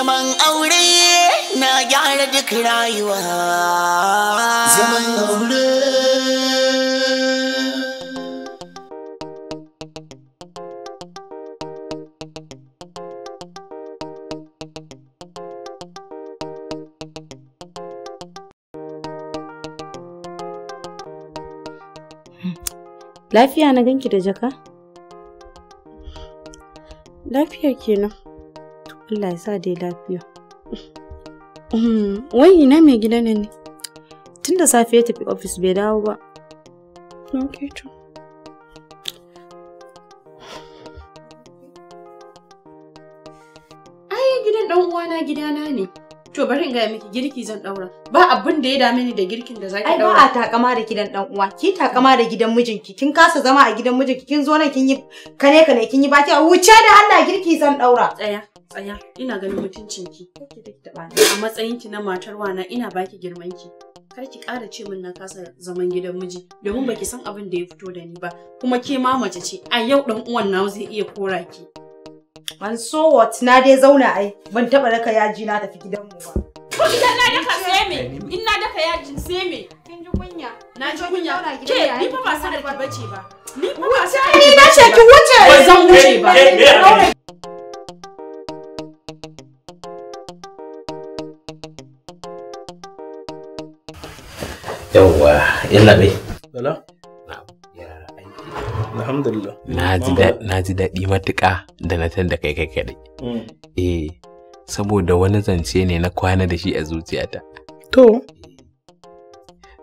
zaman aure na gyara duk rayuwa zaman aure Lafiya na ganki da jaka? Lafiya kenan. Allah ya sa dai lafiya. Hmm, wai ina mai gida ne ne? Tun da safe ya tafi ofis bai dawo ba. Ok, to. Ai gidan ɗan uwana gidana ne. To bari in gaya miki girki zan daura. Ba abin da ya dame ni da girkin da zaki daura. Ai ba a takama da gidan dan uwa. Ki takama da gidan mijinki. Kin kasa zama a gidan mijinki. Kin zo nan kin yi kane kane kin yi baki a wuce da Allah girki zan daura. Tsaya tsaya ina ganin mutuncin ki. A matsayin ki na matar wana ina baki girman ki. Kar ki ƙara ce min na kasa zaman gidan miji domin baki san abin da ya fito da ni ba kuma ke ma mace ce a yau dan uwan nawa zai iya kora ki. And so what? Na dai zauna ai. Ban taba raka yaji na tafi gidanmu ba. Ko idan na daka sai me? In na daka yajin sai me? Kin ji kunya. Na ji kunya. Ke ni fa ba sanar ki bace ba. Ni fa ba sanar ki bace ba. Ki wuce. Ba zan wuce ba. Yawwa, yalla bai. Bala? alhamdulillah na ji daɗi matuƙa da na da kai kai kaɗai mm. eh saboda wani zance ne na kwana da shi a zuciyata to eh,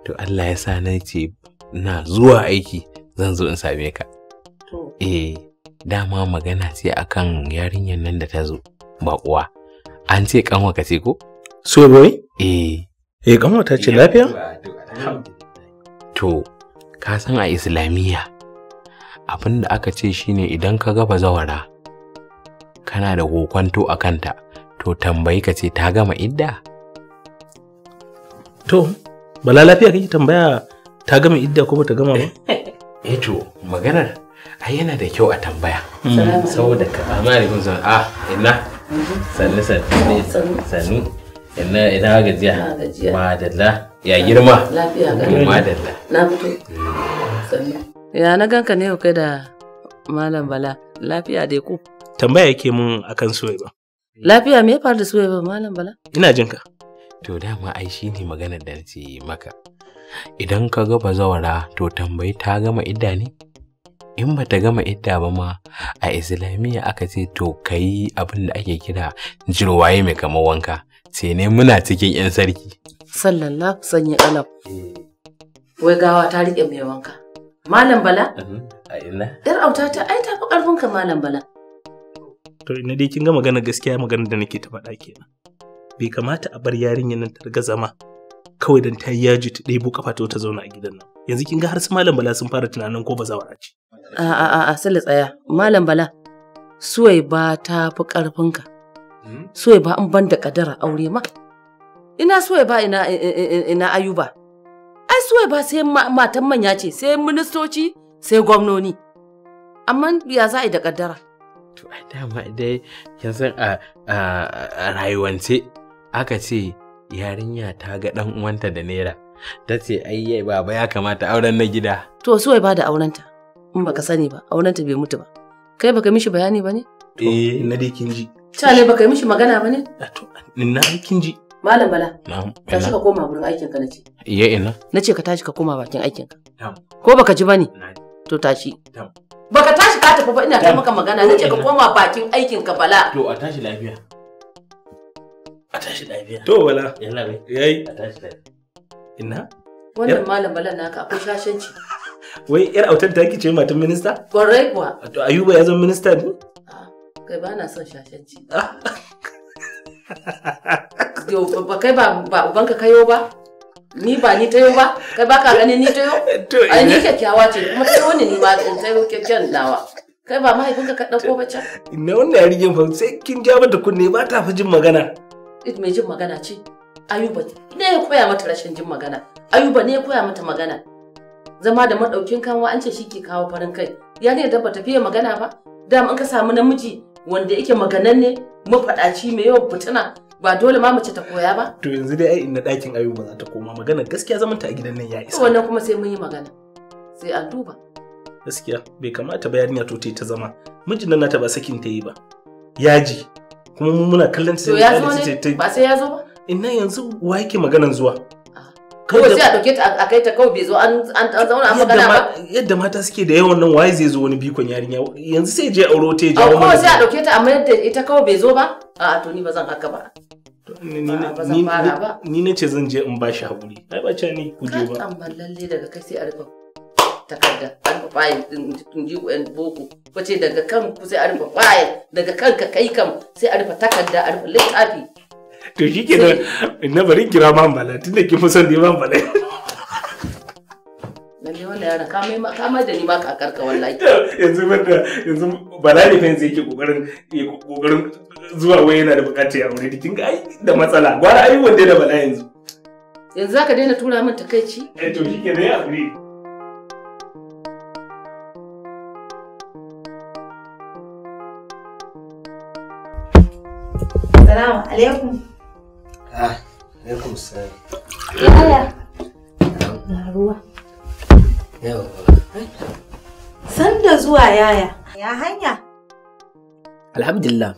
to Allah ya sa na ce na zuwa aiki zan zo in same ka eh dama magana ce akan yarinyar nan da ta zo ba uwa an ce kanwa ce ko so boy eh eh kanwa ta ce lafiya to ka san a islamiyya abin da aka ce shine idan ka gaba zawara kana da kokwanto a kanta to tambayi ka ce ta gama idda to bala lafiya kake tambaya ta gama idda ko ta gama ba eh to maganar ai yana da kyau a tambaya hmm. saboda ka amma da kun san ah ina sannu sannu sannu ina ina gajiya madalla ya girma lafiya ga madalla na fito hmm. sannu Ya na ganka ne kai da Malam Bala, lafiya dai ku. Tambaya yake mun akan Suwaiba. Lafiya me ya faru da Suwaiba Malam Bala? Ina jin ka. To dama ai shi ne maganar da nace maka. Idan ka ga bazawara to tambayi ta gama idda ne? In ba ta gama idda ba ma a Islamiyya aka ce to kai abin da ake kira jirwaye mai kamar wanka. Sai ne muna cikin 'yan sarki. Sallallahu sanya alam. Wai gawa ta riƙe mai wanka. Malam Bala? Mhm, a ina. Yar auta ta ai tafi ƙarfinka Malam Bala. To ina dai kin ga magana gaskiya magana da nake ta faɗa kenan. Bai kamata a bar yarinyar nan ta riga zama kawai dan ta yi yaji ta ɗebo kafa ta ta zauna a gidan nan. Yanzu kin ga har su Malam Bala sun fara tunanin ko ba za a ci. A a a a tsaya. Malam Bala suwai ba ta fi ƙarfinka. Hmm? Suwai ba an ban da ƙadara aure ma. Ina suwai ba ina eh, eh, eh, ina ayuba. ai suwai ba sai matan manya ce sai ministoci sai gwamnoni amma ya za a yi da kaddara to ai dama dai yanzu a rayuwance aka ce yarinya ta ga dan uwanta da naira ta ce ai baba ya kamata auren na gida to suwai ba da aurenta in baka sani ba aurenta bai mutu ba kai baka mishi bayani ba ne eh na dai kinji ji ne baka mishi magana ba ne to na kin kinji. Malam Bala. Na'am. Tashi ka koma wurin aikin ka nace. Iya ina. Nace ka tashi ka koma bakin aikin ka. Na'am. Ko baka ji bane? To tashi. Na'am. Baka tashi ka tafi ba ina ta maka magana nace ka koma bakin aikin ka Bala. To a tashi lafiya. A tashi lafiya. To Bala. Yalla bai. Yayi. A tashi lafiya. Ina. Wannan Malam Bala naka akwai shashanci. Wai yar autar ta ce matan minista? Kwarai kuwa. To Ayuba ya zama minista ne? Ah, kai ba na son shashanci. Ah. ba kai ba ba ubanka kayo ba? Ni ba ni tayo ba? Kai ba ka gani ni tayo? Ai ni kyakkyawa ce kuma kai wani ni ma in tayo kyakkyan nawa. Kai ba mahaifinka ka ɗauko ba can? Ina wannan yarinyar fa sai kin ja mata kunne ba ta fi jin magana. It mai jin magana ce. Ayuba ne ya koya mata rashin jin magana. Ayuba ne ya koya mata magana. Zama da madaukin kanwa an ce shi ke kawo farin kai. Ya ne da ba tafiya magana ba? Dam in ka samu namiji wanda yake magananne mafaɗaci mai yawan fitina ba dole ma mace ta koya ba to yanzu dai ai ina ɗakin ayu ba za ta koma magana gaskiya zaman ta a gidan nan ya isa wannan kuma sai mun yi magana sai an duba gaskiya bai kamata ba yarinya to ta ta zama mijin nan nata ba sakin ta yi ba yaji kuma muna kallon ta sai ta ba sai ya zo ba inna yanzu wa yake maganan zuwa kawai sai a dauke ta a kai ta kawai bai zo an zauna an magana ba yadda mata suke da yawan nan waye zai zo wani bikon yarinya yanzu sai je auro ta je auro kawai sai a dauke ta amma yadda ita kawai bai zo ba a to ni ba zan haka ba ni na ce zan je in ba shi haƙuri ai ba ce ne ku je ba kan ban lalle daga kai sai a rufe takarda an rufe fayil din ji ku yan boko ko ce daga kan ku sai a rufe fayil daga kanka kai kam sai a rufe takarda a rufe littafi to shi ke na bari kira man bala tun da kin bala yanzu bala ne fa yanzu yake kokarin kokarin zuwa wai da bukatar ya aure da matsala yanzu yanzu zaka daina tura min takaici eh to shi ke ya aure Assalamu alaikum. Ah, Sanda zuwa yaya. Ya hanya. Alhamdulillah.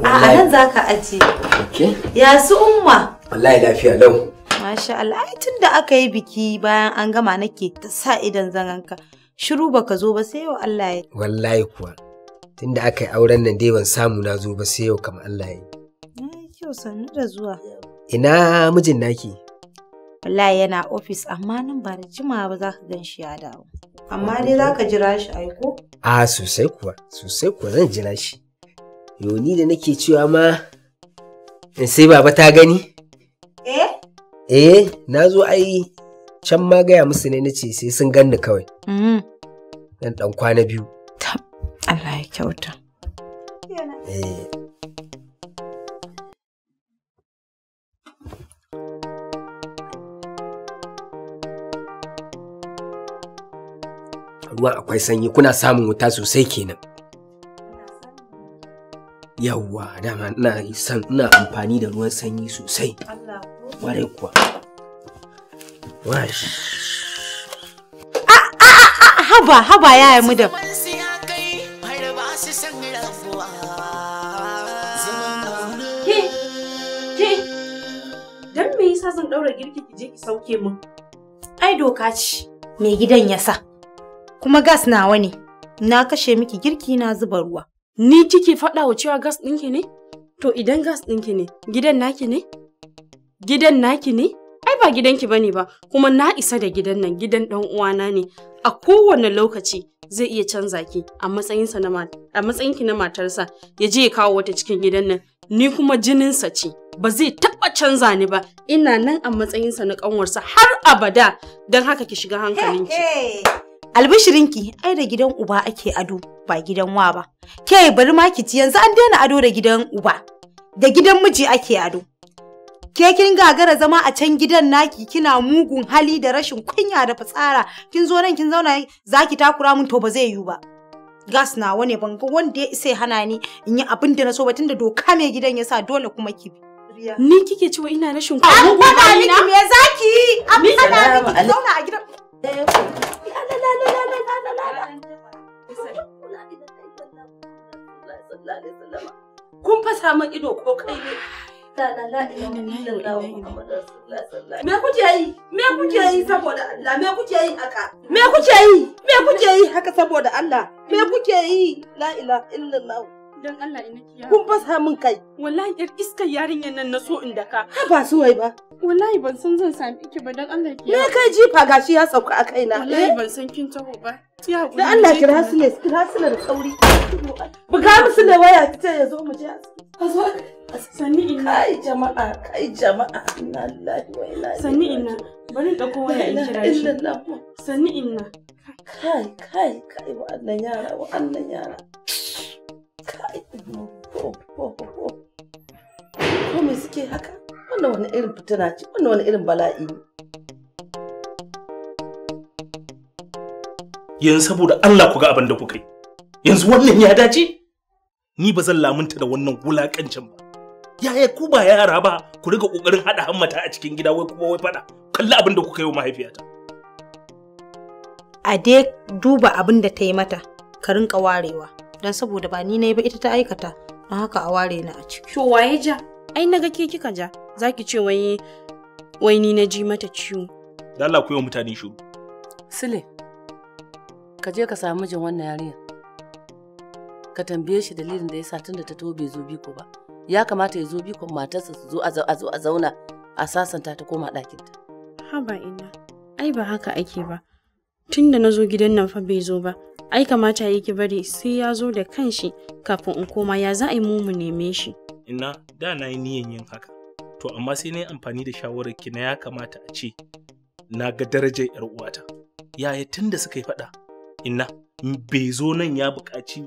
A nan za ka aje. Ya su umma. Wallahi lafiya lau. Masha Allah, tun da aka yi biki bayan an gama nake ta sa idan zananka. Shiru ba ka zo ba sai yau Allah ya. Wallahi kuwa. Tun da aka yi auren nan dai ban samu na zo ba sai yau kamar Allah ya. To sannu da zuwa. Ina mijin naki? Wallahi yana ofis amma nan ba da jimawa ba za ka gan shi ya dawo. Amma dai za ka jira shi aiko? A sosai kuwa, sosai kuwa zan jira shi. Yoni da nake cewa ma in sai baba ta gani? Eh? Eh, na zo ai can ma gaya musu ne na ce sai sun ganni kawai. Dan mm-hmm. dan kwana biyu. Allah ya kyauta. Eh. ruwan akwai sanyi kuna samun wuta sosai kenan yawwa dama ina san ina amfani da ruwan sanyi sosai ware kuwa wash haba haba yaya mu da me yasa zan ɗaura girki ki je ki sauke min? Ai doka ce. mai gidan ya sa. kuma gas nawa ne. Na kashe miki girki na zuba ruwa. Ni kike faɗa wa cewa gas ɗinki ne? To idan gas ɗinki ne, gidan naki ne? Gidan naki ne? Ai ba gidanki bane ba, kuma na isa da gidan nan gidan ɗan uwana ne. A kowane lokaci zai iya canza ki a matsayinsa na a matsayinki na matarsa ya je ya kawo wata cikin gidan nan ni kuma jininsa ce ba zai taɓa canza ni ba ina nan a matsayinsa na ƙanwarsa har abada don haka ki shiga hankalinki. Albishirinki, ai da gidan uba ake ado ba gidan wa ba. Ke bari ma ki ci yanzu an daina ado da gidan uba. Da gidan miji ake ado. Ke kin gagara zama a can gidan naki kina mugun hali da rashin kunya da fitsara. Kin zo nan kin zauna zaki takura mun to ba zai yiwu ba. gas na wani ban ga wanda ya isa hana ni in yi abin da na so ba tunda doka mai gidan yasa dole kuma ki bi. Ni kike cewa ina rashin kunya An faɗa miki me zaki? An faɗa miki zauna a gidan. kun fa min ido ko kai ne me kuke yi me kuke yi saboda Allah me kuke yi haka me kuke yi me kuke yi haka saboda Allah me kuke yi la ilaha illallah Dan Allah ina kiyaye. Kun fasa min kai. Wallahi yar iskar yarinyar nan na so in daka. Ba su wai ba. Wallahi ban san zan sami ki ba don Allah kiya. Me kai jifa gashi ya sauka a kaina. Wallahi eh? ban san kin taho ba. Da Allah kira su ne, kira su ne da sauri. Buga musu da waya ki ce ya zo mu je asibiti. Ka zo Sanni ina. Kai jama'a, kai jama'a. Inna lillahi wa inna ilaihi. Sanni ina. Bari ɗauko waya in kira shi. Sanni ina. Kai, kai, kai wa'annan yara, wa'annan yara. Oh, oh, oh, ko me suke haka wannan wani irin fitina ce wannan wani irin bala'i ne yanzu saboda Allah ku ga abin da kuka yi yanzu wannan ya dace ni ba zan lamunta da wannan wulakancin ba yaya ku ba yara ba ku riga ƙoƙarin haɗa hammata a cikin gida wai kuma wai fada kalli abin da kuka yi wa mahaifiyata a dai duba abin da ta yi mata ka rinka warewa don saboda ba ni na yi ba ita ta aikata don haka a ware ni a ciki. To waye ja? Ai na ga ke kika ja, za ki ce wai wai ni na ji mata ciwo. Da Allah ku yi mutane shiru. Sule, ka je ka samu jin wannan yarinya. Ka tambaye shi dalilin da yasa tunda ta to bai zo biko ba. Ya kamata ya zo biko matarsa su zo a zo a zauna a sasanta ta koma ɗakinta. Haba ina, ai ba haka ake ba. tun da na zo gidan nan fa bai zo ba ai kamata yi ki bari sai ya zo da kanshi kafin in koma ya za a yi mu neme shi ina da na yi niyan yin haka to amma sai na yi amfani da shawarar ki na ya kamata a ce na ga darajar yar uwata yaya tun da suka yi faɗa ina bai zo nan ya buƙaci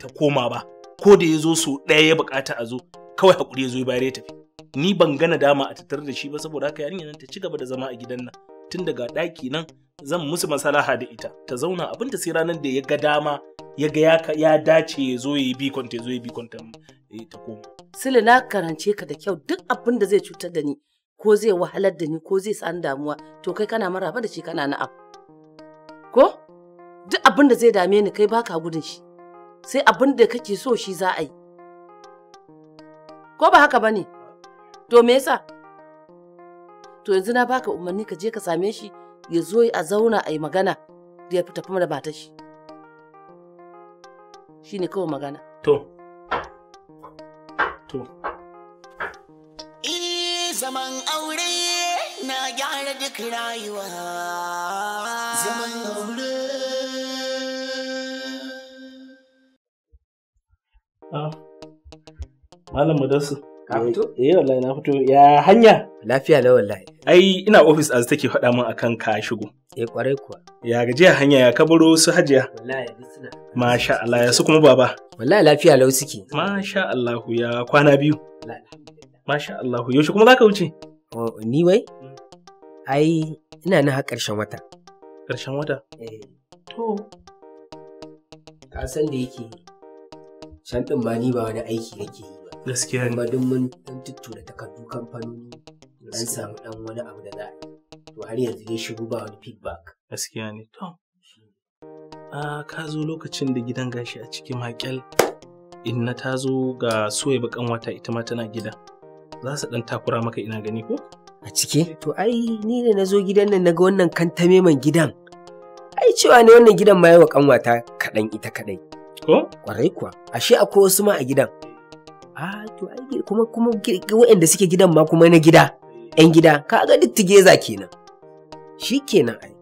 ta koma ba ko da ya zo so ɗaya ya buƙata a zo kawai haƙuri ya zo bayar ya tafi ni ban gana dama a tattar da shi ba saboda haka yarinya nan ta ci gaba da zama a gidan nan tun daga ɗaki nan zan musu masalaha da ita ta zauna abin ta sai ranar da ya ga dama ya ga ya dace ya zo ya yi bikon ta zo ya bikon ta eh, ta koma. Sule na karance ka da kyau duk abin da zai cutar da ni ko zai wahalar da ni ko zai san damuwa to kai kana maraba da shi kana na'am. Ko? Duk abin da zai dame ni kai baka gudun shi. Sai abin da kake so shi za a yi. Ko ba haka bane? To me yasa? To yanzu na baka umarni ka je ka same shi ya zo a zauna a yi magana da ya fita da matar shi shi ne kawai magana to to zaman aure na gyara duk rayuwa zaman aure ah. malam Madasu. ka fito eh wallahi na fito ya hanya lafiya la wallahi Ai ina ofis az take faɗa min akan ka shigo. Eh kwarai kuwa. Ya gajiya hanya ya kaburo su hajiya. Wallahi Masha Allah ya su kuma baba. Wallahi lafiya lau suke. Masha Allah ya kwana biyu. Masha Allah yaushe kuma zaka wuce? Oh, ni wai? Hmm. Ai ina na ƙarshen wata. Ƙarshen wata? Eh. To. Ka san da yake can ɗin ba ni ba wani aiki yake yi ba. Gaskiya ne. Kuma duk mun tuttura takardu kamfanoni. an samu dan wani abu da za a yi to har yanzu ya shigo ba wani feedback gaskiya ne to hmm. a ka zo lokacin da gidan gashi a cikin makel in na ta zo ga soya bakan wata ita ma tana gida za su dan takura maka ina gani ko a ciki to ai ni ne na zo gidan nan naga wannan kantame man gidan ai cewa ne wannan gidan ma wa kanwata kaɗan ita kaɗai ko kwarai kuwa ashe akwai wasu ma a gidan a to ai kuma kuma waɗanda suke gidan ma kuma na gida 'yan gida ka ga dittigeza kenan shi kenan ai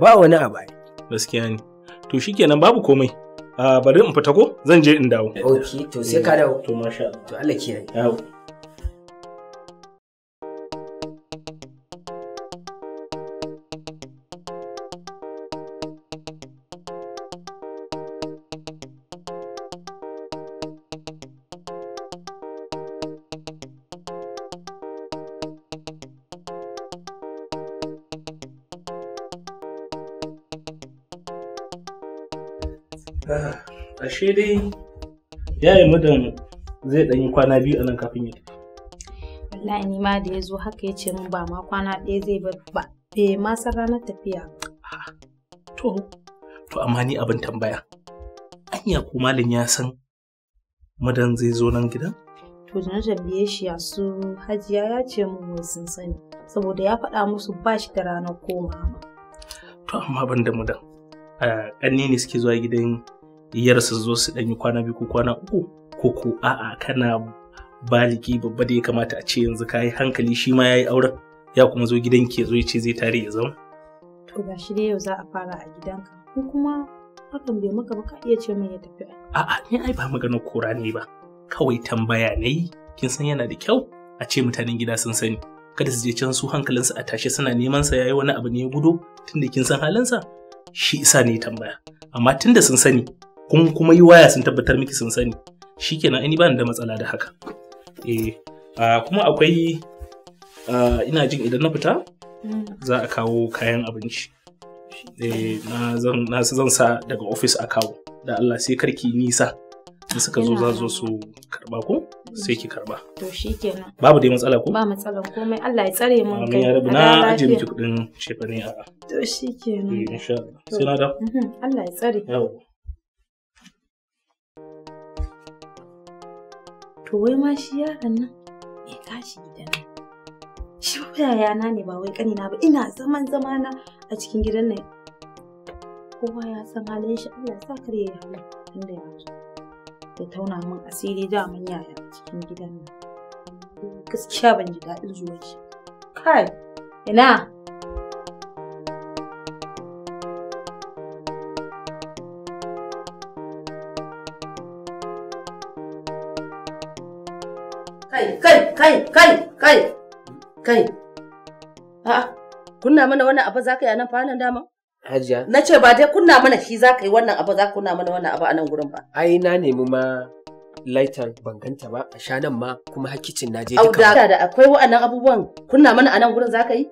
ba wani abu ai gaskiya ne to shi kenan babu komai ah, bari in fita ko zan je in dawo ok to sai ka dawo eh, to masha to Allah kiyaye ƙarshe dai ya yi mudan zai ɗan yi kwana biyu a nan kafin ya tafi. Wallahi ni ma da ya zo haka ya ce min ba ma kwana ɗaya zai ba ba. Bai ma san ranar tafiya. To, to amma ni abin tambaya. Anya ko malin ya san mudan zai zo nan gidan? To zan jabiye shi ya su hajiya ya ce min wai sun sani. Saboda ya faɗa musu ba shi da ranar komawa. To amma ban da mudan. Ƙanni ne suke zuwa gidan su zo su ɗanyi kwana biyu ko kwana uku ko ko a'a kana baliki babba da ya kamata a ce yanzu ka yi hankali shi ma ya yi auren ya kuma zo ki ya zo ya ce zai tare ya zama. To ga shi dai yau za a fara a gidanka ko kuma hakan bai maka ba ka iya ce mai ya tafi. A'a ni ai ba maganar kora ne ba kawai tambaya na yi kin san yana da kyau a ce mutanen gida sun sani kada su je can su hankalinsu a tashe suna neman sa yayi wani abu ne ya gudo tunda kin san halinsa shi isa ne tambaya amma tunda sun sani kun kuma yi waya sun tabbatar miki sun sani shikenan ni ba ni da matsala da haka eh kuma akwai ina jin idan na fita za a kawo kayan abinci eh, na zan sa daga ofis a kawo da Allah sai karki nisa da suka zo za zo su karba ko sai ki karba to shikenan babu dai matsala ko ba matsala komai Allah ya tsare mu kai amin ya rabu na aje miki kudin shefane a to shikenan eh, insha Allah sai na da mhm, Allah ya tsare yawa to wai ma shi yaron nan ya tashi gidan nan shi ba na ne ba wai kanina ba ina zaman zama na a cikin gidan nan kowa ya san halin shi Allah sa kar ya yi inda ya zo da tauna min asiri da mun yaya a cikin gidan nan gaskiya ban ji daɗin zuwa shi kai ina kai kai kai kai kai a'a kunna mana wannan abu zaka yi a nan fa nan dama Hajiya. Na ce ba dai kunna mana shi za ka yi wannan abu za ka kunna mana wannan abu a nan gurin ba. Ai na nemi ma laitar ban ganta ba a sha nan ma kuma hakicin na je duka. Auda da akwai wa'annan abubuwan kunna mana a nan gurin za ka yi?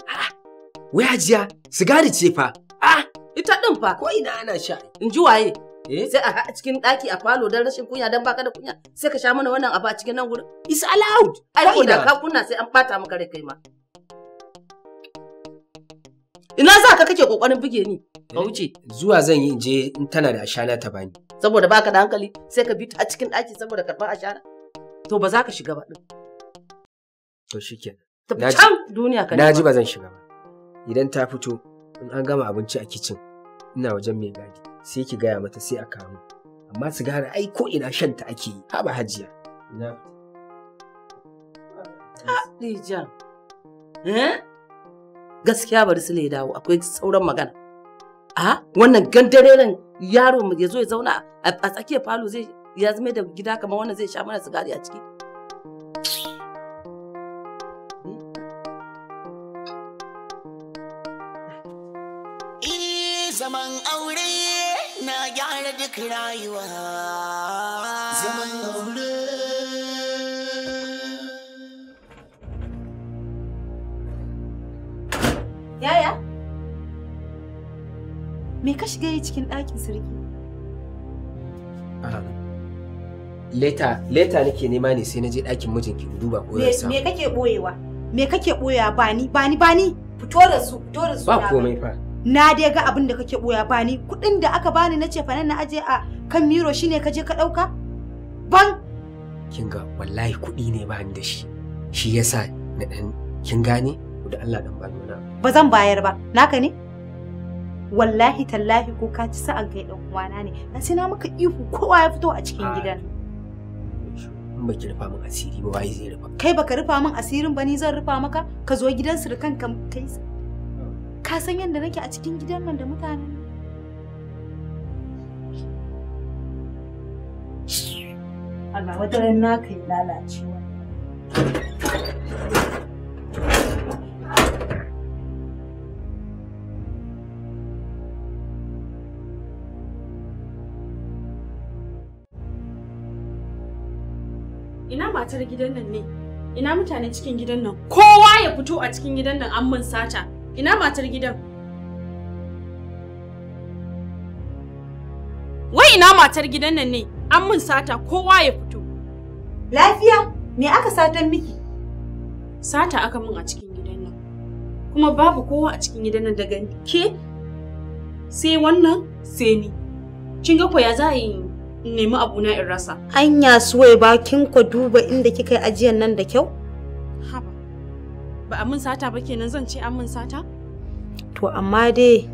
Wai Hajiya sigari ce fa. a'a ah, ita din fa. Ko ina ana sha. In ji waye. Eh? sai a cikin ɗaki a falo don rashin kunya don baka da kunya sai ka sha mana wannan abu a cikin nan gurin is allowed ai ko da ka kunna sai an bata maka rai kai ma ina za ka kake kokarin buge ni ka eh, wuce zuwa zan yi je in tana da ashana ta bani saboda baka da hankali sai ka bi ta a cikin ɗaki saboda karɓar ashana to ba za ka shiga ba din to shikenan ta can duniya ka naji ba zan shiga ba idan ta fito in an gama abinci a kicin ina wajen mai gadi sai ki gaya mata sai a kawo amma sigari ai ko ina shan ta ake yi haba hajiya eh? gaskiya bari su ne dawo akwai sauran magana a wannan gandareren yaro ya zo ya zauna a tsakiyar falo zai ya zama da gida kamar wannan zai sha mana sigari a ciki duk rayuwa zaman aure yaya me ka shiga yi cikin ɗakin sarki leta leta nake nema ne sai na je ɗakin mijinki duba ko ya samu me kake boyewa me kake boyewa ba ni ba ni ba ni fito da su fito da su ba komai fa na dai ga abin da kake boya bani kudin da aka bani na nan na aje a kan miro shine ka je ka ɗauka ban kin ga wallahi kuɗi ne ba da shi shi yasa na dan kin gane da Allah dan ba mana ba zan bayar ba naka ne wallahi tallahi ko ka ci sa'an kai dan uwana ne na sai na maka ihu kowa ya fito a cikin gidan in ki rufa min asiri ba wai zai rufa kai baka rufa min asirin ba ni zan rufa maka ka zo gidan da kanka kai Ka san yadda nake a cikin gidan nan da mutanen Allah wata ran naka ya Ina matar gidan nan ne? Ina mutane cikin gidan nan? Kowa ya fito a cikin gidan nan an mun sata. Ina matar gidan? Wai ina matar gidan nan ne? An mun sata kowa ya fito. Lafiya? Me aka satan miki? Sata aka mun a cikin gidan nan. Kuma babu kowa a cikin gidan nan daga ke sai wannan sai ni. Kin ga ko ya za yi nemi abuna in rasa. Anya suwai bakin ku duba inda kika yi ajiyan nan da kyau? Haba. ba a mun sata ba kenan zan ce an mun sata? To amma dai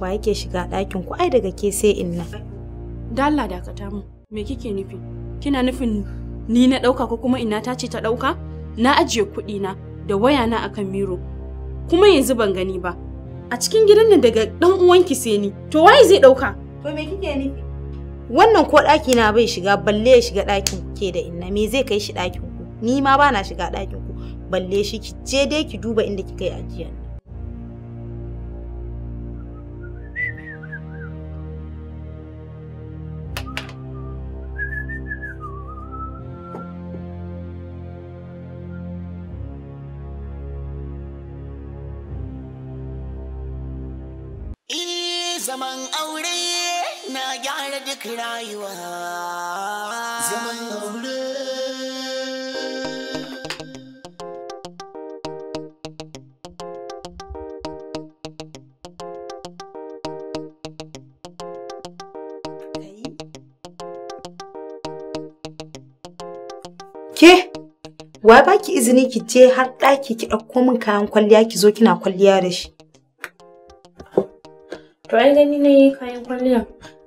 wa yake shiga ɗakin ku ai daga ke sai in nan. Dalla dakata mu me kike nufi? Kina nufin ni na ɗauka ko kuma ina ta ce ta ɗauka? Na ajiye kuɗi na da waya na akan miro. Kuma yanzu ban gani ba. A cikin gidan nan daga ɗan uwanki sai ni. To waye zai ɗauka? To me kike nufi? Wannan ko ɗaki na bai shiga balle ya shiga ɗakin ke da inna me zai kai shi ɗakin ku? Ni ma ba na shiga ɗakin balle shi ki je dai ki duba inda kika yi ajiyar zaman aure na gyara duk rayuwa zaman aure Wa baki izini ki je har ɗaki ki ɗauko min kayan kwalliya ki zo kina kwalliya da shi. To ai gani na kayan kwalliya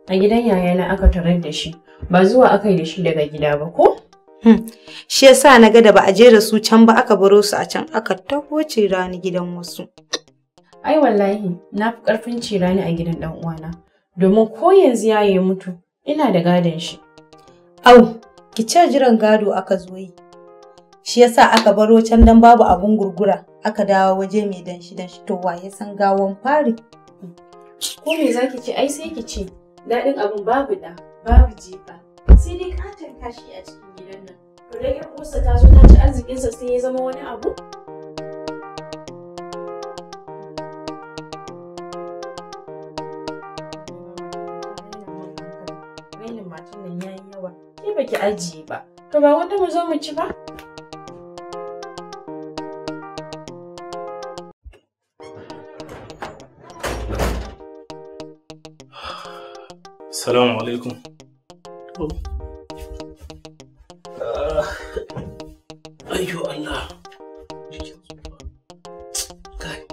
a gidan yayana aka tarar da shi ba zuwa aka yi da shi daga gida ba ko? Hmm. Shi yasa na ga da ba a je da su can ba aka baro su a can aka taho rani gidan wasu. Ai wallahi na fi ƙarfin cirani a gidan ɗan uwana domin ko yanzu ya mutu ina da gadon shi. Au, ki ce jiran gado aka zo yi. shi yasa aka baro can dan babu abun gurgura aka dawo waje mai danshi danshi to wa ya san gawon fari ko me zaki ce ai sai ki ce daɗin abun babu da babu jifa sai dai katon kashi a cikin gidan nan ya kusa ta zo ta ci arzikinsa sai ya zama wani abu matan nan yayi yawa ke baki ajiye ba to ba wanda mu zo mu ci ba السلام عليكم أيوة الله طيب.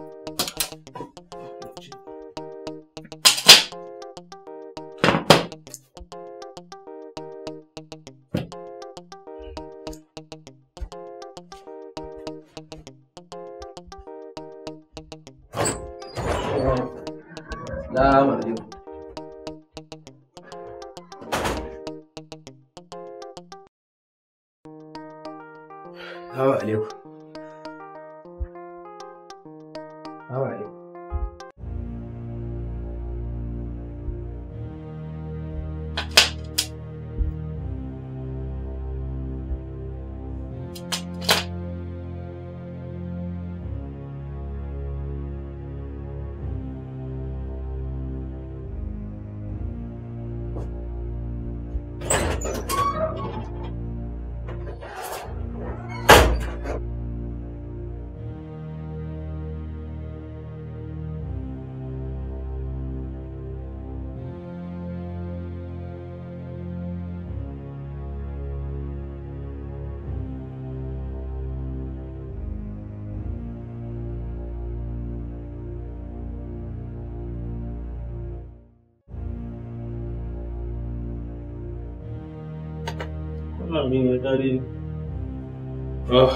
لا ما من غريب آه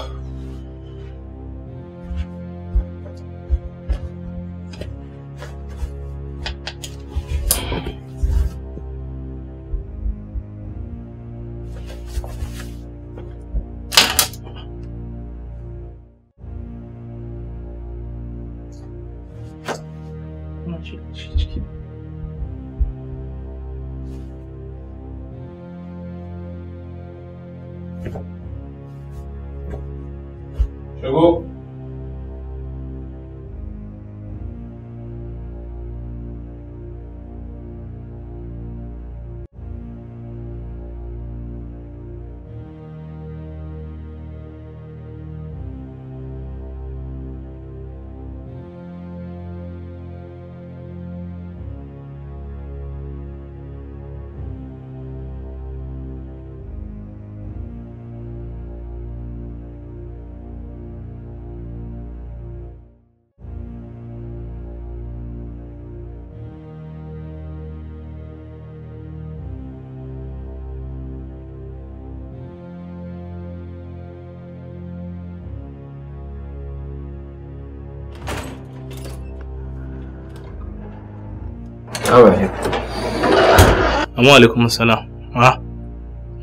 Assalamu alaikum. Wa alaikum assalam. Ha? Ah,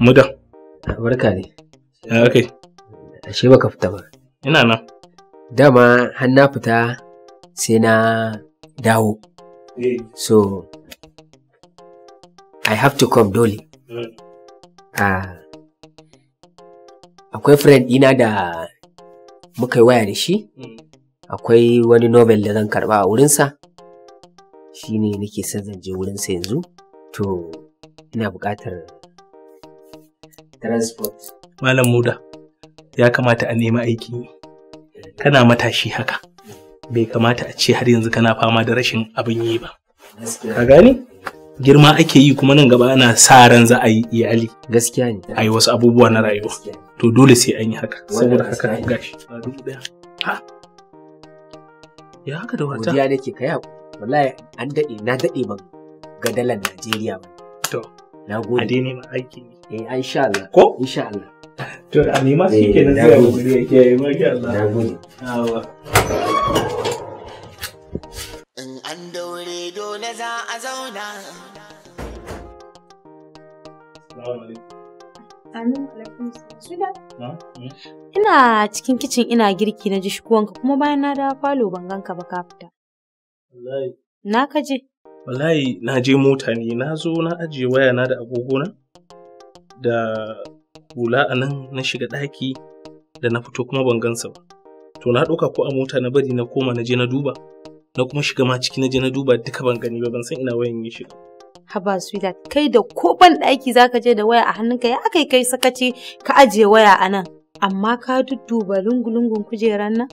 Muda. Barka ne. Ya kai. Ashe baka fita ba. Ina nan. Dama har na fita sai na dawo. Eh. So I have to come dole. Hmm. Ah, akwai friend ɗina da muka yi waya da shi, hmm. akwai wani Nobel da zan karɓa a wurinsa. shi ne nake son zan je wurinsa yanzu to ina buƙatar transport malam muda ya kamata a nemi aiki kana matashi haka bai kamata a ce har yanzu kana fama da rashin abin yi ba ka gani girma ake yi kuma nan gaba ana sa ran za a yi iyali gaskiya ne a yi wasu abubuwa na rayuwa to dole sai an yi haka saboda haka gashi ya haka da wata ya nake wallahi an daɗe na daɗe ban ga dalar Najeriya ba. To. Na gode. Ade ne ma aiki ne. Eh an sha Allah. Ko? In sha Allah. To a nema shi eh, ke na zai wuri yake yi maki Allah. Na gode. Awa. In an daure dole za a zauna. Hmm? Ina cikin kicin ina girki na ji shigowanka kuma bayan na da falo ban ganka ba ka fita. Na kaje? Wallahi na je mota ne, na zo na ajiye wayana da agogona da hula a nan na shiga ɗaki da na fito kuma ban gansa ba. To na ɗauka ko a mota na bari na koma na je na duba, na kuma shiga ma ciki na je na duba duka ban gani ba ban san ina wayan ya shiga. Haba sweetheart, kai da ko ban ɗaki za ka je da waya a hannunka ya aka kai sakaci ka ajiye waya a nan, amma ka dudduba lungu-lungun kujeran nan?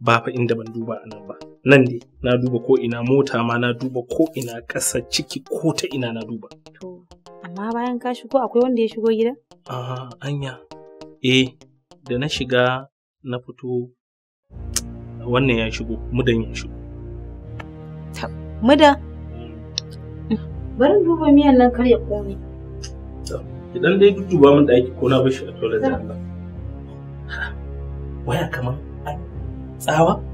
Ba fa inda ban duba a nan ba. nan ne na duba ko ina mota ma na duba ko ina ƙasa ciki ko ta ina na duba to amma bayan ka shigo akwai wanda ya shigo gida Aha, anya eh da na shiga na fito wannan ya shigo mudan ya shigo Mudan? Hmm. Barin duba miyan nan kar ya kone idan dai duba min daki ko na bashi a toilet da Allah waya kaman tsawa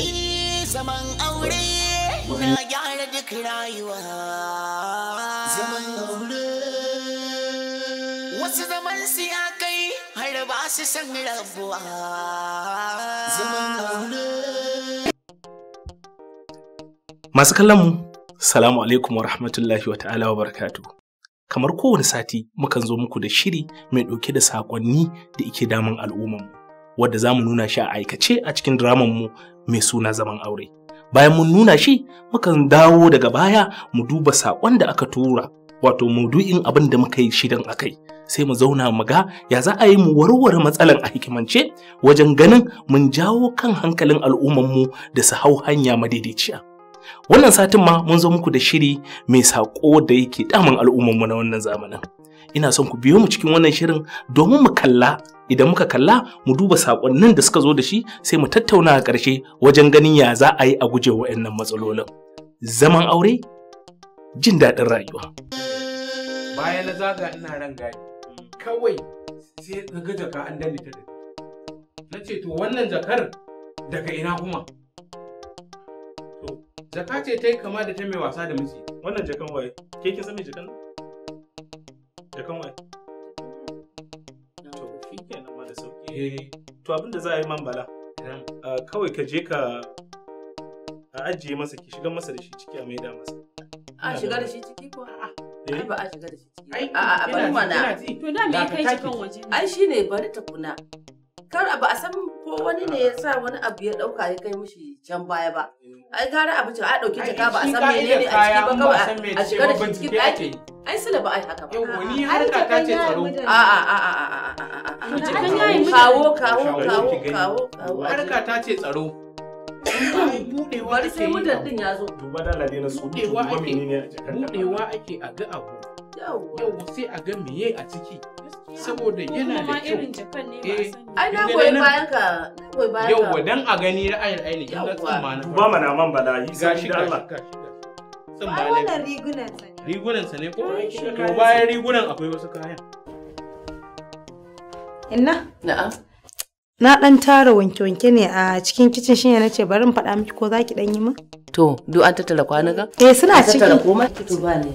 Eh, zaman aure na gyara Wasu zaman kai har Masu kallon mu, salamu alaikum wa rahmatullahi wa ta'ala wa barkatu'. kamar kowane sati mukan zo muku da shiri mai ɗauke da saƙonni da ike damun al'ummarmu. wadda za mu nuna shi a aikace a cikin mu mai suna zaman aure. Bayan mun nuna shi, mukan dawo daga baya mu duba saƙon da aka tura, wato maudu'in abin da muka yi shidan a kai. Sai mu zauna mu ga ya za a yi mu warware matsalan a hikimance wajen ganin mun jawo kan hankalin al'ummanmu da su hau hanya madaidaiciya. Wannan satin ma mun zo muku da shiri mai saƙo da yake damun al'ummanmu na wannan zamanin. ina son ku biyo mu cikin wannan shirin domin mu kalla idan muka kalla mu duba sakonnin da suka zo da shi sai mu tattauna a ƙarshe wajen ganin ya za a yi a guje wa'annan matsalolin zaman aure jin daɗin rayuwa bayan na zaga ina ran gadi kawai sai ga jaka an danne ta na ce to wannan jakar daga ina kuma to jaka ce ta yi kama da ta mai wasa da miji wannan jakan waye ke kin san mai jakan da to eh. to abin za a yi man bala hmm. kawai ka je ka a ajiye masa ki shiga masa da shi ciki a maida masa a shiga da shi ciki ko a'a eh. ai ba a shiga da shi ciki a'a bari mana to da me kai shi kan waje ai shine bari ta kuna kar ba a san ko wani ne ya sa wani abu ya dauka ya kai mishi can baya ba ai gara abincin a dauki jaka ba a san menene a ciki ba kawai a shiga da ciki cikin daki ai sila ba ai haka ba ni harka ta ce tsaro a a a a a a kawo kawo kawo kawo kawo harka ta ce tsaro budewa ake yi mudan din ya zo duba da ladina su budewa ake a ga abu yau sai a ga meye a ciki saboda yana da kyau eh ai na bayan ka na bayan ka yau dan a gani ra'ayin ainihin da tsumma na ba mana man bala yi sai da Allah tsumma ne rigunan sa ne rigunan sa ne ko to bayan rigunan akwai wasu kayan inna na'am na ɗan tara wanke-wanke ne a cikin kicin shine na ce bari in faɗa miki ko za ki dan yi min to duk an tattara kwanuka eh suna ciki an tattara komai to ba ne